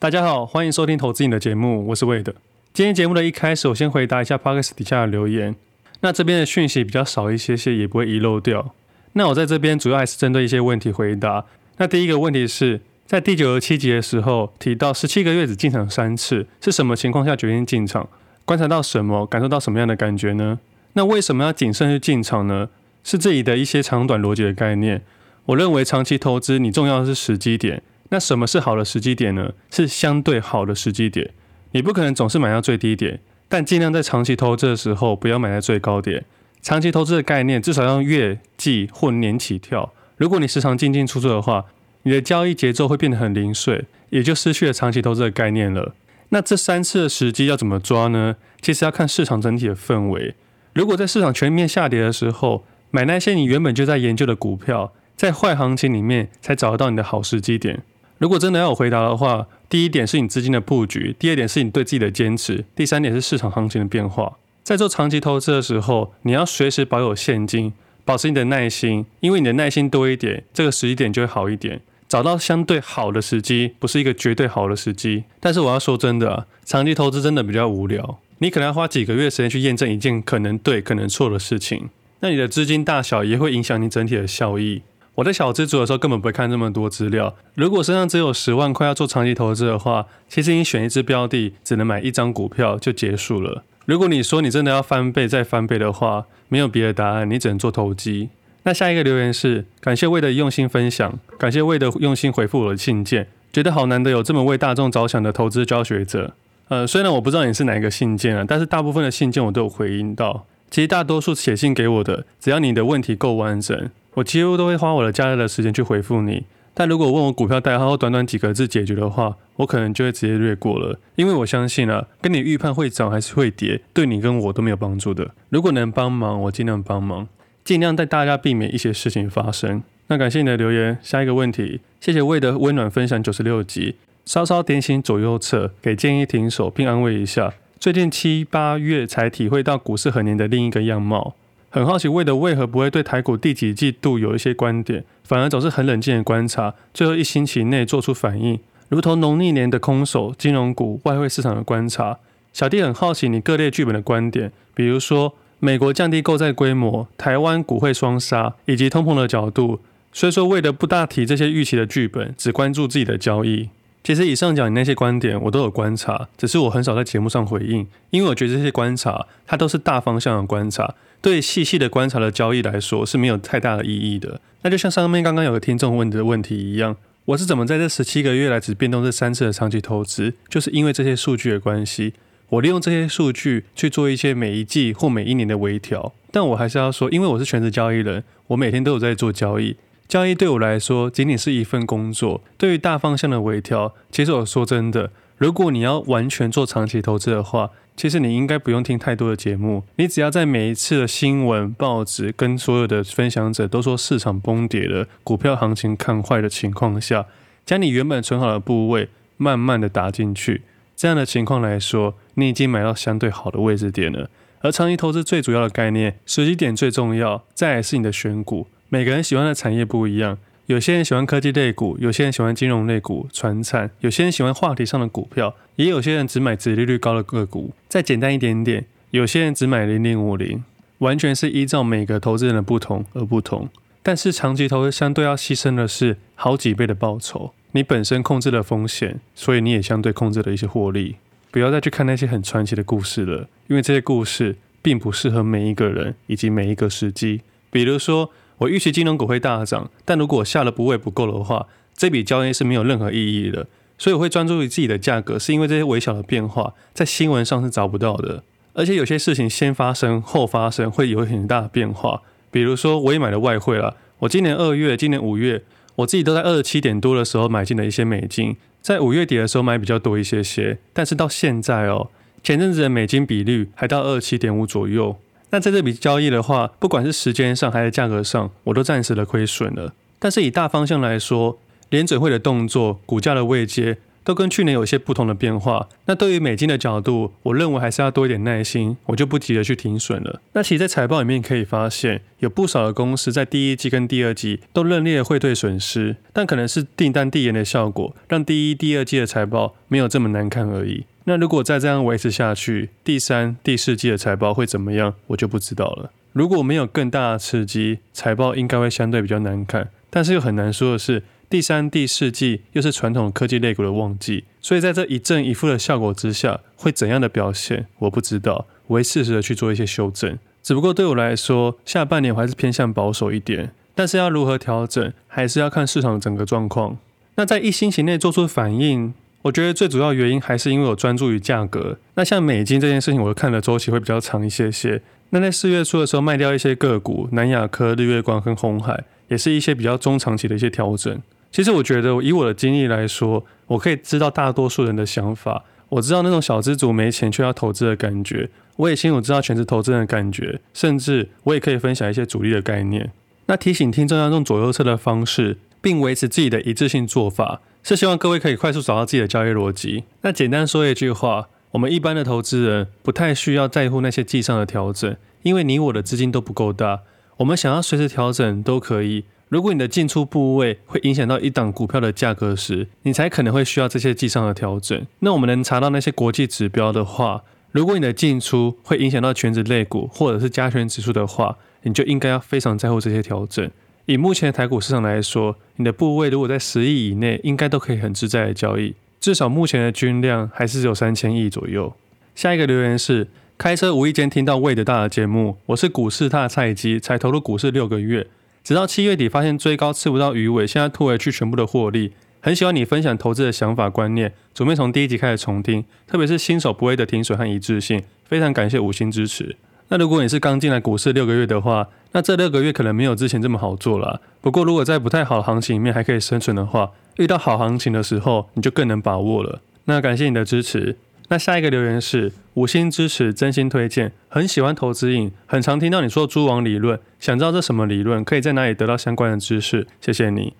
大家好，歡迎收聽投資你的節目，我是魏德，今天節目的一開始，我先回答一下 podcast 底下的留言。那這邊的訊息比較少一些些，也不會遺漏掉。那我在這邊主要還是針對一些問題回答。那第一個問題是在第九十七集的時候提到，十七個月只進場三次，是什麼情況下決定進場？觀察到什麼？感受到什麼樣的感覺呢？那為什麼要謹慎去進場呢？是這裡的一些長短邏輯的概念。我認為長期投資，你重要的是時機點。那什麼是好的時機點呢？是相對好的時機點。你不可能總是買到最低點，但盡量在長期投資的時候不要買在最高點。長期投資的概念至少要月、季或年起跳。如果你時常進進出出的話，你的交易節奏會變得很零碎，也就失去了長期投資的概念了。那這三次的時機要怎麼抓呢？其實要看市場整體的氛圍。如果在市場全面下跌的時候，買那些你原本就在研究的股票，在壞行情裡面才找得到你的好時機點。如果真的要我回答的話，第一點是你資金的佈局，第二點是你對自己的堅持，第三點是市場行情的變化。在做長期投資的時候，你要隨時保有現金，保持你的耐心，因為你的耐心多一點，這個時機點就會好一點。找到相對好的時機，不是一個絕對好的時機。但是我要說真的啊，長期投資真的比較無聊，你可能要花幾個月時間去驗證一件可能對可能錯的事情。那你的資金大小也會影響你整體的效益。我在小資組的時候根本不會看這麼多資料。如果身上只有十萬塊要做長期投資的話，其實你選一隻標的，只能買一張股票就結束了。如果你說你真的要翻倍再翻倍的話，沒有別的答案，你只能做投機。那下一個留言是，感謝魏的用心分享，感謝魏的用心回復我的信件，覺得好難得有這麼為大眾着想的投資教學者。呃，雖然我不知道你是哪一個信件啊，但是大部分的信件我都有回應到。其實大多數寫信給我的，只要你的問題夠完整，我幾乎都會花我的假日的時間去回復你，但如果問我股票代號，短短幾個字解決的話，我可能就會直接略過了，因為我相信了，啊，跟你預判會漲還是會跌，對你跟我都沒有幫助的。如果能幫忙，我盡量幫忙，盡量帶大家避免一些事情發生。那感謝你的留言，下一個問題，謝謝魏的溫暖分享九十六集，稍稍點醒左右側，給建議停手並安慰一下。最近七八月才體會到股市和您的另一個樣貌。很好奇魏德為何不會對台股第幾季度有一些觀點，反而總是很冷靜的觀察，最後一星期內做出反應，如同農曆年的空手金融股、外匯市場的觀察。小弟很好奇你各類劇本的觀點，比如說美國降低購債規模，台灣股會雙殺，以及通膨的角度。雖說魏德不大提這些預期的劇本，只關注自己的交易。其實以上講你那些觀點，我都有觀察，只是我很少在節目上回應，因為我覺得這些觀察，它都是大方向的觀察。對細細的觀察的交易來說是沒有太大的意義的。那就像上面剛剛有個聽眾問的問題一樣，我是怎麼在這十七個月來只變動這三次的長期投資？就是因為這些數據的關係，我利用這些數據去做一些每一季或每一年的微調。但我還是要說，因為我是全職交易人，我每天都有在做交易。交易對我來說僅僅是一份工作。對於大方向的微調，其實我說真的，如果你要完全做長期投資的話。其實你應該不用聽太多的節目，你只要在每一次的新聞、報紙跟所有的分享者都說市場崩跌了、股票行情看壞的情況下，將你原本存好的部位慢慢的打進去，這樣的情況來說，你已經買到相對好的位置點了。而長期投資最主要的概念，時機點最重要，再來是你的選股。每個人喜歡的產業不一樣。有些人喜歡科技類股，有些人喜歡金融類股、傳產，有些人喜歡話題上的股票，也有些人只買殖利率高的個股。再簡單一點點，有些人只買零零五零，完全是依照每個投資人的不同而不同。但是長期投資相對要犧牲的是好幾倍的報酬，你本身控制了風險，所以你也相對控制了一些獲利。不要再去看那些很傳奇的故事了，因為這些故事並不適合每一個人以及每一個時機。比如說。我預期金融股會大漲，但如果下的部位不夠的話，這筆交易是沒有任何意義的。所以我會專注於自己的價格，是因為這些微小的變化在新聞上是找不到的。而且有些事情先發生後發生會有很大的變化，比如說我也買了外匯啦。我今年二月、今年五月，我自己都在二十七點多的時候買進了一些美金，在五月底的時候買比較多一些些，但是到現在哦，前陣子的美金比率還到二十七點五左右。那在這筆交易的話，不管是時間上還是價格上，我都暫時的虧損了。但是以大方向來說，聯準會的動作、股價的位階，都跟去年有些不同的變化。那對於美金的角度，我認為還是要多一點耐心，我就不急着去停損了。那其實，在財報裡面可以發現，有不少的公司在第一季跟第二季都認列匯兌損失，但可能是訂單遞延的效果，讓第一、第二季的財報沒有這麼難看而已。那如果再這樣維持下去，第三、第四季的財報會怎麼樣，我就不知道了。如果沒有更大的刺激，財報應該會相對比較難看。但是又很難說的是，第三、第四季又是傳統科技類股的旺季，所以在這一正一負的效果之下，會怎樣的表現，我不知道。我會適時的去做一些修正。只不過對我來說，下半年我還是偏向保守一點。但是要如何調整，還是要看市場的整個狀況。那在一星期內做出反應。我覺得最主要原因還是因為我專注於價格。那像美金這件事情，我看的週期會比較長一些些。那在四月初的時候賣掉一些個股，南亞科、日月光和鴻海，也是一些比較中長期的一些調整。其實我覺得，以我的經歷來說，我可以知道大多數人的想法。我知道那種小資族沒錢卻要投資的感覺，我也清楚知道全職投資人的感覺，甚至我也可以分享一些主力的概念。那提醒聽眾要用左右側的方式，並維持自己的一致性做法。是希望各位可以快速找到自己的交易邏輯。那簡單說一句話，我們一般的投資人不太需要在乎那些計上的調整，因為你我的資金都不夠大，我們想要隨時調整都可以。如果你的進出部位會影響到一檔股票的價格時，你才可能會需要這些計上的調整。那我們能查到那些國際指標的話，如果你的進出會影響到權值類股或者是加權指數的話，你就應該要非常在乎這些調整。以目前的台股市場來說，你的部位如果在十億以內，應該都可以很自在地交易。至少目前的均量還是只有三千億左右。下一個留言是：開車無意間聽到魏德大的節目，我是股市大的菜雞，才投入股市六個月，直到七月底發現追高吃不到魚尾，現在吐回去全部的獲利。很喜歡你分享投資的想法觀念，準備從第一集開始重聽，特別是新手不會的停損和一致性。非常感謝五星支持。那如果你是剛進來股市六個月的話，那這六個月可能沒有之前這麼好做了。不過如果在不太好的行情裡面還可以生存的話，遇到好行情的時候你就更能把握了。那感謝你的支持。那下一個留言是五星支持，真心推薦，很喜歡投資癮，很常聽到你說蛛網理論，想知道這什麼理論，可以在哪裡得到相關的知識？謝謝你。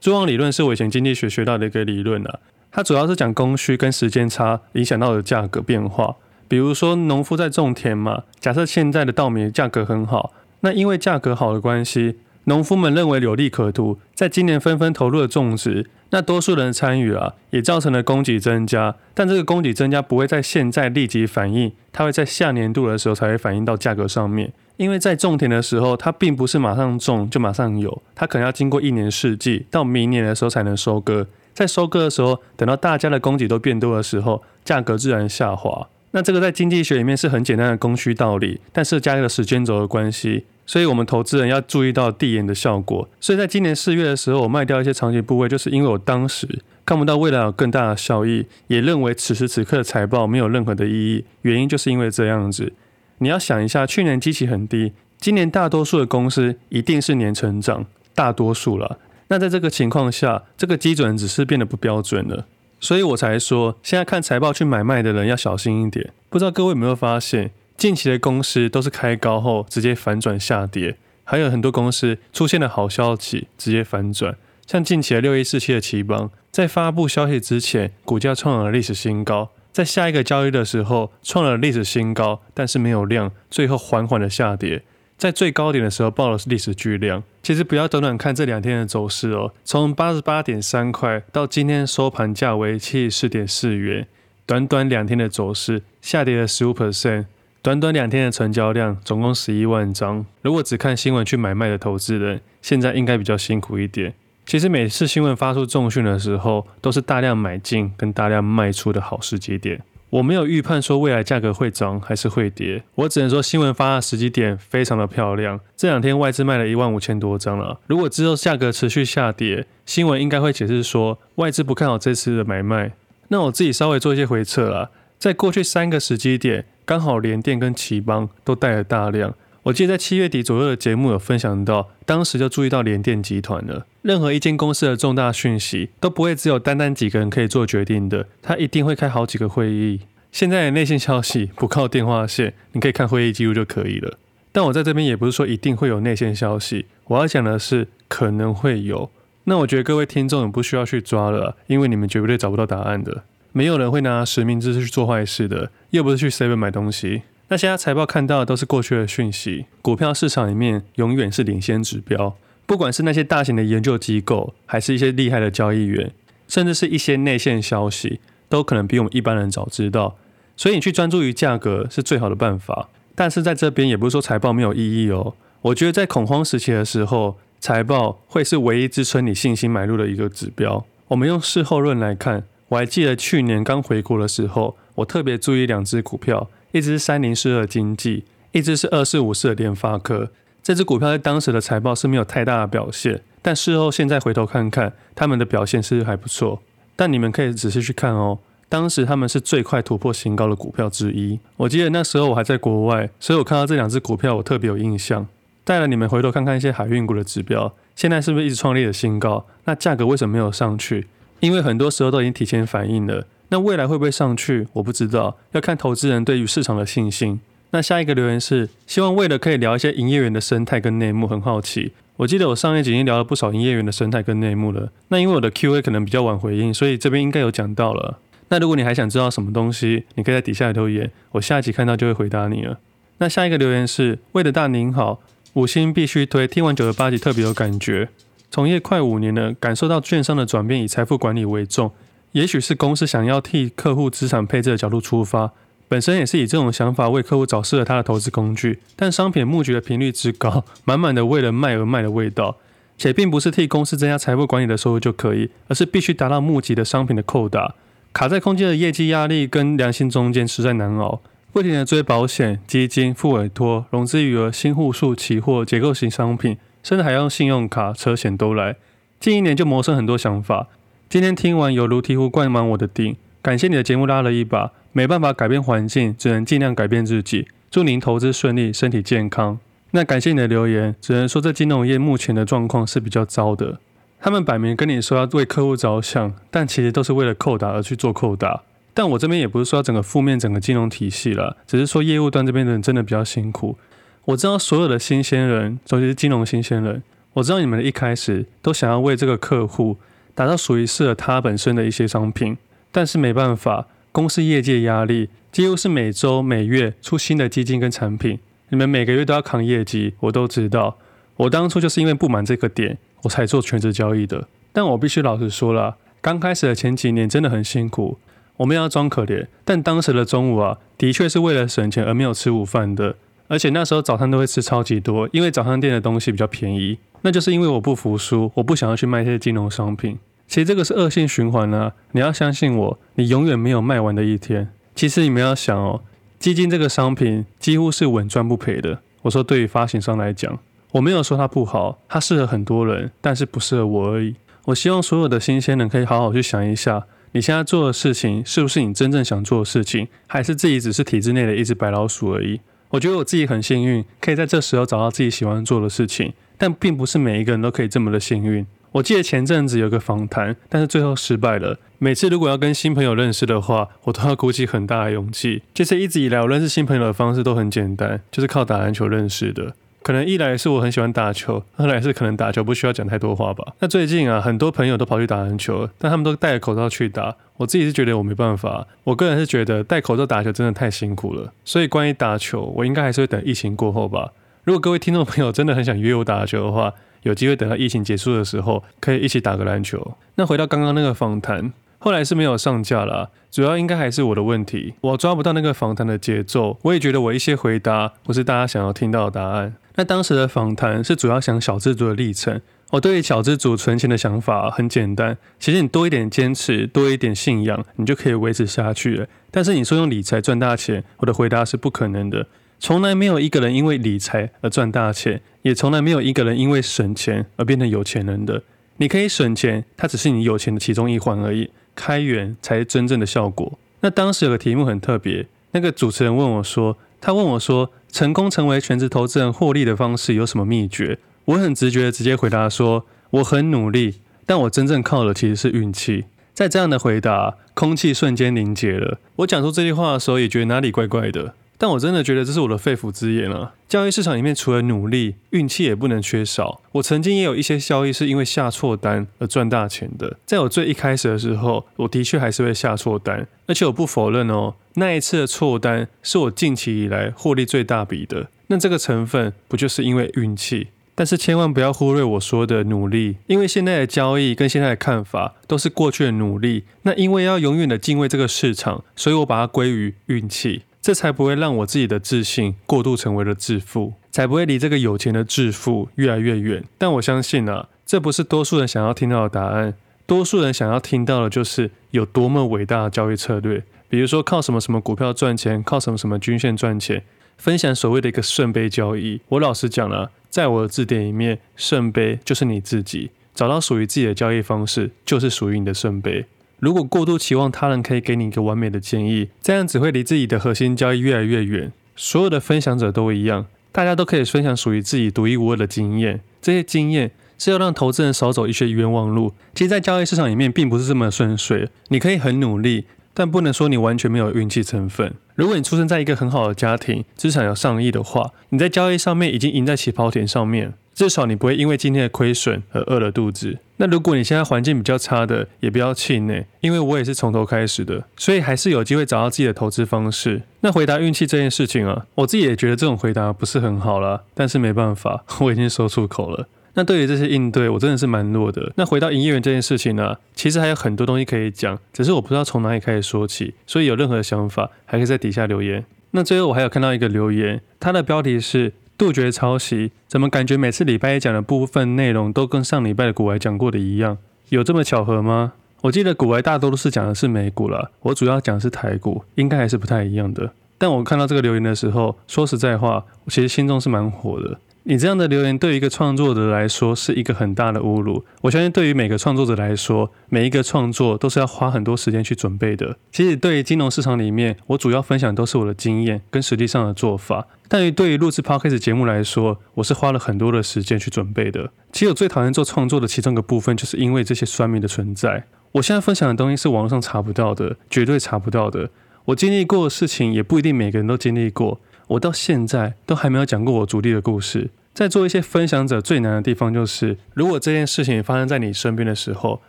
蛛網理論是我以前經濟學學到的一個理論了，啊，它主要是講供需跟時間差影響到的價格變化。比如說，農夫在種田嘛。假設現在的稻米價格很好，那因為價格好的關係，農夫們認為有利可圖，在今年紛紛投入了種植。那多數人參與啊，也造成了供給增加。但這個供給增加不會在現在立即反映，它會在下年度的時候才會反映到價格上面。因為在種田的時候，它並不是馬上種就馬上有，它可能要經過一年四季，到明年的時候才能收割。在收割的時候，等到大家的供給都變多的時候，價格自然下滑。那這個在經濟學裡面是很簡單的供需道理，但是加一個時間軸的關係，所以我們投資人要注意到遞延的效果。所以在今年四月的時候，我賣掉一些長期部位，就是因為我當時看不到未來有更大的效益，也認為此時此刻的財報沒有任何的意義。原因就是因為這樣子，你要想一下，去年基期很低，今年大多數的公司一定是年成長，大多數了。那在這個情況下，這個基準只是變得不標準了。所以我才說，現在看財報去買賣的人要小心一點。不知道各位有沒有發現，近期的公司都是開高後直接反轉下跌，還有很多公司出現了好消息直接反轉。像近期的六一四七的頎邦，在發布消息之前股價創了歷史新高，在下一個交易的時候創了歷史新高，但是沒有量，最後緩緩的下跌。在最高點的時候報的是歷史巨量。其實不要短短看這兩天的走勢哦，從八十八點三塊到今天收盤價為七十四點四元，短短兩天的走勢下跌了十五 percent，短短兩天的成交量總共十一萬張。如果只看新聞去買賣的投資人，現在應該比較辛苦一點。其實每次新聞發出重訊的時候，都是大量買進跟大量賣出的好時機點。我沒有預判說未來價格會漲還是會跌，我只能說新聞發的時機點非常的漂亮。這兩天外資賣了一萬五千多張了，如果之後價格持續下跌，新聞應該會解釋說外資不看好這次的買賣。那我自己稍微做一些回測了，在過去三個時機點，剛好聯電跟旗幫都帶了大量。我記得在七月底左右的節目有分享到。當時就注意到聯電集團了。任何一間公司的重大訊息都不會只有單單幾個人可以做決定的，他一定會開好幾個會議。現在的內線消息不靠電話線，你可以看會議記錄就可以了。但我在這邊也不是說一定會有內線消息，我要講的是可能會有。那我覺得各位聽眾也不需要去抓了，因為你們絕對找不到答案的。沒有人會拿實名制去做壞事的，又不是去 Seven 買東西。那現在財報看到的都是過去的訊息，股票市場裡面永遠是領先指標，不管是那些大型的研究機構，還是一些厲害的交易員，甚至是一些內線消息，都可能比我們一般人早知道。所以你去專注於價格是最好的辦法。但是在這邊也不是說財報沒有意義哦，我覺得在恐慌時期的時候，財報會是唯一支撐你信心買入的一個指標。我們用事後論來看，我還記得去年剛回國的時候，我特別注意兩隻股票。一只是三零四二經濟，一只是二四五四的聯發科。這只股票在當時的財報是沒有太大的表現，但事後現在回頭看看，他們的表現是,是還不錯。但你們可以仔細去看哦，當時他們是最快突破新高的股票之一。我記得那時候我還在國外，所以我看到這兩只股票我特別有印象。帶了你們回頭看看一些海運股的指標，現在是不是一直創立的新高？那價格為什麼沒有上去？因為很多時候都已經提前反映了。那未來會不會上去？我不知道，要看投資人對於市場的信心。那下一個留言是，希望為了可以聊一些營業員的生態跟內幕，很好奇。我記得我上一集已經聊了不少營業員的生態跟內幕了。那因為我的 Q&A 可能比較晚回應，所以這邊應該有講到了。那如果你還想知道什麼東西，你可以在底下留言，我下一集看到就會回答你了。那下一個留言是，為了大您好，五星必須推。聽完九十八集特別有感覺，從業快五年了，感受到券商的轉變，以財富管理為重。也許是公司想要替客戶資產配置的角度出發，本身也是以這種想法為客戶找適合他的投資工具。但商品募集的頻率之高，滿滿的為了賣而賣的味道，且並不是替公司增加財富管理的收入就可以，而是必須達到募集的商品的扣打。卡在空間的業績壓力跟良心中間，實在難熬。不停的追保險、基金、複委託、融資餘額、新戶數、期貨、結構型商品，甚至還要用信用卡、車險都來。近一年就萌生很多想法。今天聽完，猶如醍醐灌滿我的頂。感謝你的節目拉了一把，沒辦法改變環境，只能盡量改變自己。祝您投資順利，身體健康。那感謝你的留言，只能說這金融業目前的狀況是比較糟的。他們擺明跟你說要為客戶着想，但其實都是為了扣打而去做扣打。但我這邊也不是說要整個負面整個金融體系了，只是說業務端這邊的人真的比較辛苦。我知道所有的新鮮人，尤其是金融新鮮人，我知道你們一開始都想要為這個客戶。打造屬於適合他本身的一些商品，但是沒辦法，公司業績壓力幾乎是每週、每月出新的基金跟產品，你們每個月都要扛業績，我都知道。我當初就是因為不滿這個點，我才做全職交易的。但我必須老實說啦，剛開始的前幾年真的很辛苦，我們要裝可憐，但當時的中午啊，的確是為了省錢而沒有吃午飯的，而且那時候早餐都會吃超級多，因為早餐店的東西比較便宜。那就是因為我不服輸，我不想要去賣一些金融商品。其實這個是惡性循環呢、啊。你要相信我，你永遠沒有賣完的一天。其實你們要想哦，基金這個商品幾乎是穩賺不賠的。我說對於發行商來講，我沒有說它不好，它適合很多人，但是不適合我而已。我希望所有的新鮮人可以好好去想一下，你現在做的事情是不是你真正想做的事情，還是自己只是體制內的一隻白老鼠而已。我覺得我自己很幸運，可以在這時候找到自己喜歡做的事情，但並不是每一個人都可以這麼的幸運。我記得前陣子有個訪談，但是最後失敗了。每次如果要跟新朋友認識的話，我都要鼓起很大的勇氣。其實一直以來，我認識新朋友的方式都很簡單，就是靠打籃球認識的。可能一來是我很喜歡打球，二來是可能打球不需要講太多話吧。那最近啊，很多朋友都跑去打籃球，但他們都戴着口罩去打。我自己是覺得我沒辦法，我個人是覺得戴口罩打球真的太辛苦了。所以關於打球，我應該還是會等疫情過後吧。如果各位聽眾朋友真的很想約我打球的話，有機會等到疫情結束的時候，可以一起打個籃球。那回到剛剛那個訪談，後來是沒有上架啦，主要應該還是我的問題，我抓不到那個訪談的節奏，我也覺得我一些回答不是大家想要聽到的答案。那當時的訪談是主要想小資族的歷程。我、哦、對於小資族存錢的想法很簡單，其實你多一點堅持，多一點信仰，你就可以維持下去了。但是你說用理財賺大錢，我的回答是不可能的。從來沒有一個人因為理財而賺大錢，也從來沒有一個人因為省錢而變成有錢人的。你可以省錢，它只是你有錢的其中一環而已。開源才是真正的效果。那當時有個題目很特別，那個主持人問我說，他問我說，成功成為全職投資人獲利的方式有什麼秘訣？我很直覺的直接回答說，我很努力，但我真正靠的其實是運氣。在這樣的回答，空氣瞬間凝結了。我講出這句話的時候，也覺得哪裡怪怪的。但我真的覺得這是我的肺腑之言啊！交易市場裡面除了努力，運氣也不能缺少。我曾經也有一些交易是因為下錯單而賺大錢的。在我最一開始的時候，我的確還是會下錯單，而且我不否認哦，那一次的錯單是我近期以來獲利最大筆的。那這個成分不就是因為運氣？但是千萬不要忽略我說的努力，因為現在的交易跟現在的看法都是過去的努力。那因為要永遠的敬畏這個市場，所以我把它歸於運氣。這才不會讓我自己的自信過度成為了自負，才不會離這個有錢的致富越來越遠。但我相信啊，這不是多數人想要聽到的答案。多數人想要聽到的就是有多麼偉大的交易策略，比如說靠什麼什麼股票賺錢，靠什麼什麼均線賺錢，分享所謂的一個聖杯交易。我老實講了啊，在我的字典裡面，聖杯就是你自己，找到屬於自己的交易方式，就是屬於你的聖杯。如果過度期望他人可以給你一個完美的建議，這樣只會離自己的核心交易越來越遠。所有的分享者都一樣，大家都可以分享屬於自己獨一無二的經驗。這些經驗是要讓投資人少走一些冤枉路。其實，在交易市場裡面，並不是這麼順遂。你可以很努力，但不能說你完全沒有運氣成分。如果你出生在一個很好的家庭，資產有上億的話，你在交易上面已經贏在起跑點上面，至少你不會因為今天的虧損而餓了肚子。那如果你現在環境比較差的，也不要氣餒，因為我也是從頭開始的，所以還是有機會找到自己的投資方式。那回答運氣這件事情啊，我自己也覺得這種回答不是很好啦，但是沒辦法，我已經說出口了。那對於這些應對，我真的是蠻弱的。那回到營業員這件事情呢、啊，其實還有很多東西可以講，只是我不知道從哪裡開始說起。所以有任何想法，還可以在底下留言。那最後我還有看到一個留言，它的標題是“杜絕抄襲”，怎麼感覺每次禮拜一講的部分內容都跟上禮拜的股癌講過的一樣？有這麼巧合嗎？我記得股癌大多都是講的是美股啦，我主要講的是台股，應該還是不太一樣的。但我看到這個留言的時候，說實在話，我其實心中是蠻火的。你這樣的留言對於一個創作者來說是一個很大的侮辱。我相信，對於每個創作者來說，每一個創作都是要花很多時間去準備的。其實，對於金融市場裡面，我主要分享都是我的經驗跟實際上的做法。但於對於錄製 Podcast 節目來說，我是花了很多的時間去準備的。其實，我最討厭做創作的其中一個部分，就是因為這些酸民的存在。我現在分享的東西是網絡上查不到的，絕對查不到的。我經歷過的事情，也不一定每個人都經歷過。我到現在都還沒有講過我主力的故事。在做一些分享者最難的地方，就是如果這件事情發生在你身邊的時候，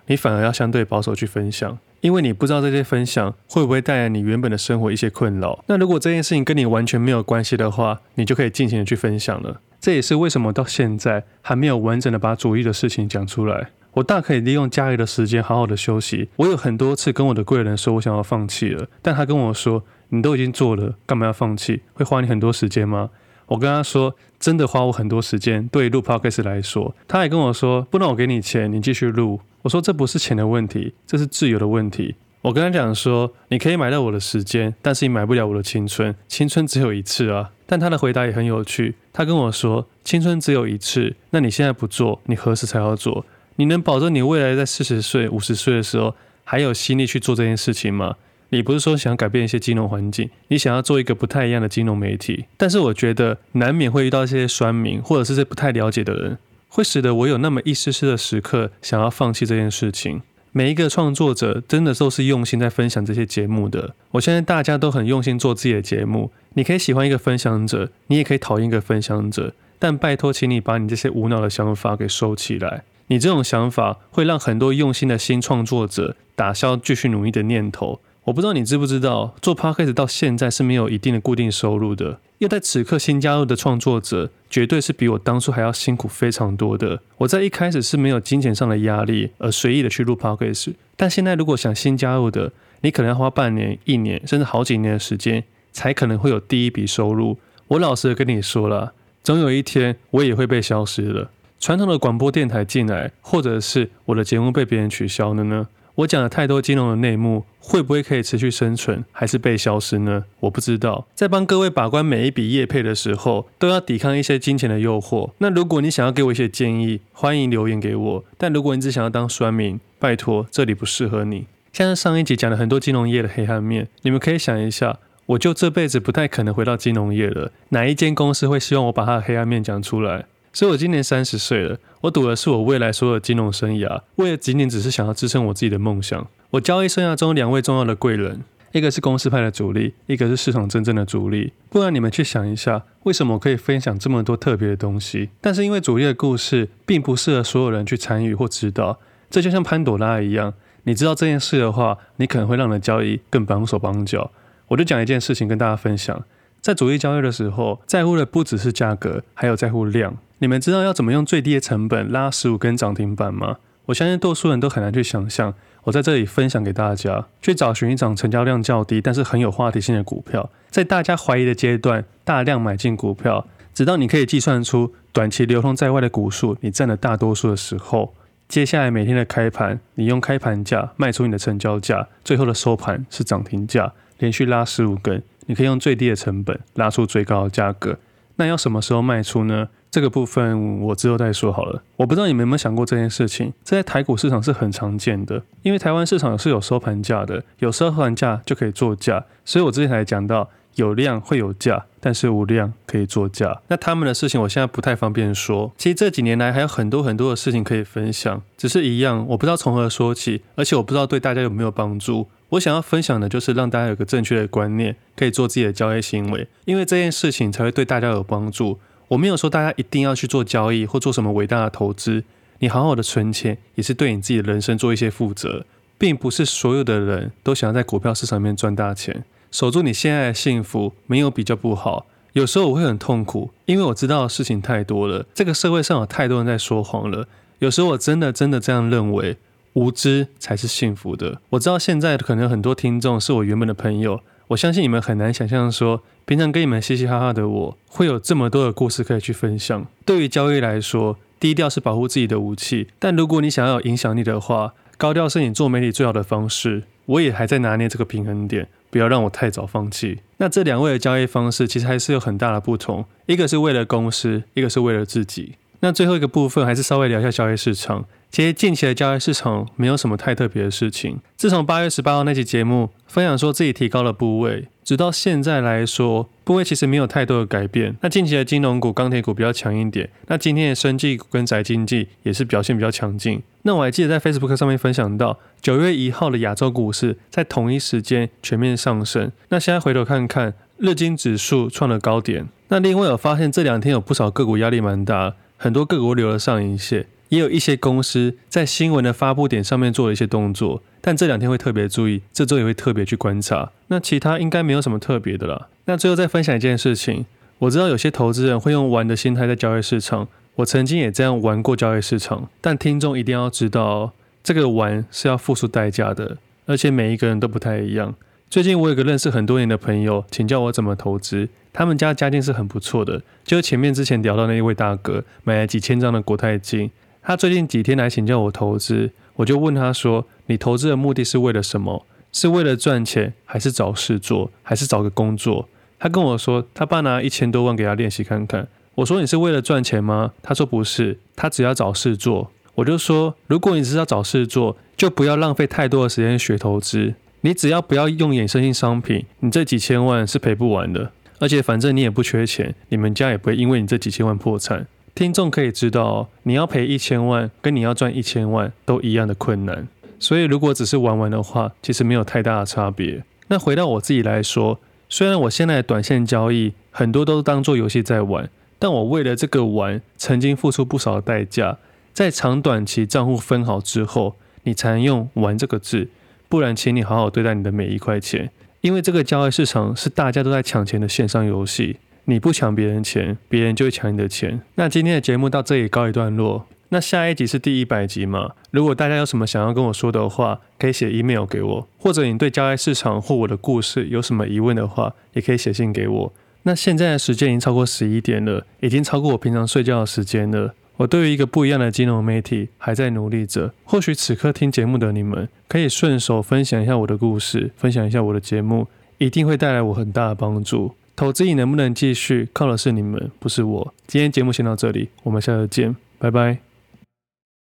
你反而要相對保守去分享，因為你不知道這些分享會不會帶來你原本的生活一些困擾。那如果這件事情跟你完全沒有關係的話，你就可以盡情的去分享了。這也是為什麼到現在還沒有完整的把主力的事情講出來。我大可以利用家裡的時間好好的休息。我有很多次跟我的貴人說我想要放棄了，但他跟我說。你都已經做了，幹嘛要放棄？會花你很多時間嗎？我跟他說，真的花我很多時間。對於錄 Podcast 來說，他還跟我說，不能我給你錢，你繼續錄。我說，這不是錢的問題，這是自由的問題。我跟他講說，你可以買到我的時間，但是你買不了我的青春，青春只有一次啊。但他的回答也很有趣，他跟我說，青春只有一次，那你現在不做，你何時才要做？你能保證你未來在四十歲、五十歲的時候還有心力去做這件事情嗎？你不是說想改變一些金融環境，你想要做一個不太一樣的金融媒體，但是我覺得難免會遇到一些酸民，或者是些不太了解的人，會使得我有那麼一絲絲的時刻想要放棄這件事情。每一個創作者真的都是用心在分享這些節目的，我相信大家都很用心做自己的節目。你可以喜歡一個分享者，你也可以討厭一個分享者，但拜托，請你把你這些無腦的想法給收起來。你這種想法會讓很多用心的新創作者打消繼續努力的念頭。我不知道你知不知道，做 podcast 到現在是沒有一定的固定收入的。要在此刻新加入的創作者，絕對是比我當初還要辛苦非常多的。我在一開始是沒有金錢上的壓力，而隨意的去錄 podcast。但現在如果想新加入的，你可能要花半年、一年，甚至好幾年的時間，才可能會有第一筆收入。我老實的跟你說了，總有一天我也會被消失了。傳統的廣播電台進來，或者是我的節目被別人取消了呢？我講了太多金融的內幕，會不會可以持續生存，還是被消失呢？我不知道。在幫各位把關每一筆業配的時候，都要抵抗一些金錢的誘惑。那如果你想要給我一些建議，歡迎留言給我。但如果你只想要當酸民，拜托，這裡不適合你。像上一集講了很多金融業的黑暗面，你們可以想一下，我就這輩子不太可能回到金融業了。哪一間公司會希望我把它的黑暗面講出來？所以，我今年三十歲了。我賭的是我未來所有的金融生涯，為了僅僅只是想要支撐我自己的夢想。我交易生涯中兩位重要的貴人，一個是公司派的主力，一個是市場真正的主力。不然你們去想一下，為什麼我可以分享這麼多特別的東西？但是因為主力的故事並不適合所有人去參與或指導。這就像潘朵拉一樣，你知道這件事的話，你可能會讓你的交易更綁手綁腳。我就講一件事情跟大家分享。在主力交易的時候，在乎的不只是價格，還有在乎量。你們知道要怎麼用最低的成本拉十五根漲停板嗎？我相信多數人都很難去想象。我在這裡分享給大家：去找尋一種成交量較低，但是很有話題性的股票，在大家懷疑的階段，大量買進股票，直到你可以計算出短期流通在外的股數，你佔了大多數的時候，接下來每天的開盤，你用開盤價賣出你的成交價，最後的收盤是漲停價。連續拉十五根，你可以用最低的成本拉出最高的價格。那要什麼時候賣出呢？這個部分我之後再說好了。我不知道你們有沒有想過這件事情，在台股市場是很常見的，因為台灣市場是有收盤價的，有收盤價就可以作價。所以我之前才講到。有量會有價，但是無量可以做價。那他們的事情我現在不太方便說。其實這幾年來還有很多很多的事情可以分享，只是一樣，我不知道從何說起，而且我不知道對大家有沒有幫助。我想要分享的就是讓大家有個正確的觀念，可以做自己的交易行為，因為這件事情才會對大家有幫助。我沒有說大家一定要去做交易或做什麼偉大的投資，你好好的存錢也是對你自己的人生做一些負責，並不是所有的人都想要在股票市場裡面賺大錢。守住你現在的幸福，沒有比較不好。有時候我會很痛苦，因為我知道的事情太多了。這個社會上有太多人在說謊了。有時候我真的真的這樣認為，無知才是幸福的。我知道現在可能很多聽眾是我原本的朋友，我相信你們很難想象說，說平常跟你們嘻嘻哈哈的我，會有這麼多的故事可以去分享。對於交易來說，低調是保護自己的武器，但如果你想要有影響力的話，高調是你做媒體最好的方式。我也還在拿捏這個平衡點。不要讓我太早放棄。那這兩位的交易方式其實還是有很大的不同，一個是為了公司，一個是為了自己。那最後一個部分還是稍微聊一下交易市場。其實近期的交易市場沒有什麼太特別的事情。自從八月十八號那期節目分享說自己提高了部位，直到現在來說，部位其實沒有太多的改變。那近期的金融股、鋼鐵股比較強一點。那今天的生技股跟宅經濟也是表現比較強勁。那我還記得在 Facebook 上面分享到九月一號的亞洲股市在同一時間全面上升。那現在回頭看看，日經指數創了高點。那另外我發現這兩天有不少個股壓力蠻大，很多個股留了上影線。也有一些公司在新聞的發布點上面做了一些動作，但這兩天會特別注意，這周也會特別去觀察。那其他應該沒有什麼特別的啦。那最後再分享一件事情，我知道有些投資人會用玩的心態在交易市場，我曾經也這樣玩過交易市場。但聽眾一定要知道哦，這個玩是要付出代價的，而且每一個人都不太一樣。最近我有個認識很多年的朋友，請教我怎麼投資，他們家家境是很不錯的，就是前面之前聊到那一位大哥，買了幾千張的國泰金。他最近幾天來請教我投資，我就問他說：“你投資的目的是為了什麼？是為了賺錢，還是找事做，還是找個工作？”他跟我說：“他爸拿一千多萬給他練習看看。”我說：“你是為了賺錢嗎？”他說：“不是，他只要找事做。”我就說：“如果你只是要找事做，就不要浪費太多的時間學投資。你只要不要用衍生性商品，你這幾千萬是賠不完的。而且反正你也不缺錢，你們家也不會因為你這幾千萬破產。”聽眾可以知道，你要賠一千萬跟你要賺一千萬都一樣的困難，所以如果只是玩玩的話，其實沒有太大的差別。那回到我自己來說，雖然我現在的短線交易很多都是當作遊戲在玩，但我為了這個玩，曾經付出不少代價。在長短期賬戶分好之後，你才能用“玩”這個字，不然，請你好好對待你的每一塊錢，因為這個交易市場是大家都在搶錢的線上遊戲。你不搶別人錢，別人就會搶你的錢。那今天的節目到這裡告一段落。那下一集是第一百集嘛？如果大家有什麼想要跟我說的話，可以寫 email 給我，或者你對交易市場或我的故事有什麼疑問的話，也可以寫信給我。那現在的時間已經超過十一點了，已經超過我平常睡覺的時間了。我對於一個不一樣的金融媒體還在努力着。或許此刻聽節目的你們，可以順手分享一下我的故事，分享一下我的節目，一定會帶來我很大的幫助。投資癮能不能繼續，靠的是你們，不是我。今天節目先到這裡，我們下次見，拜拜。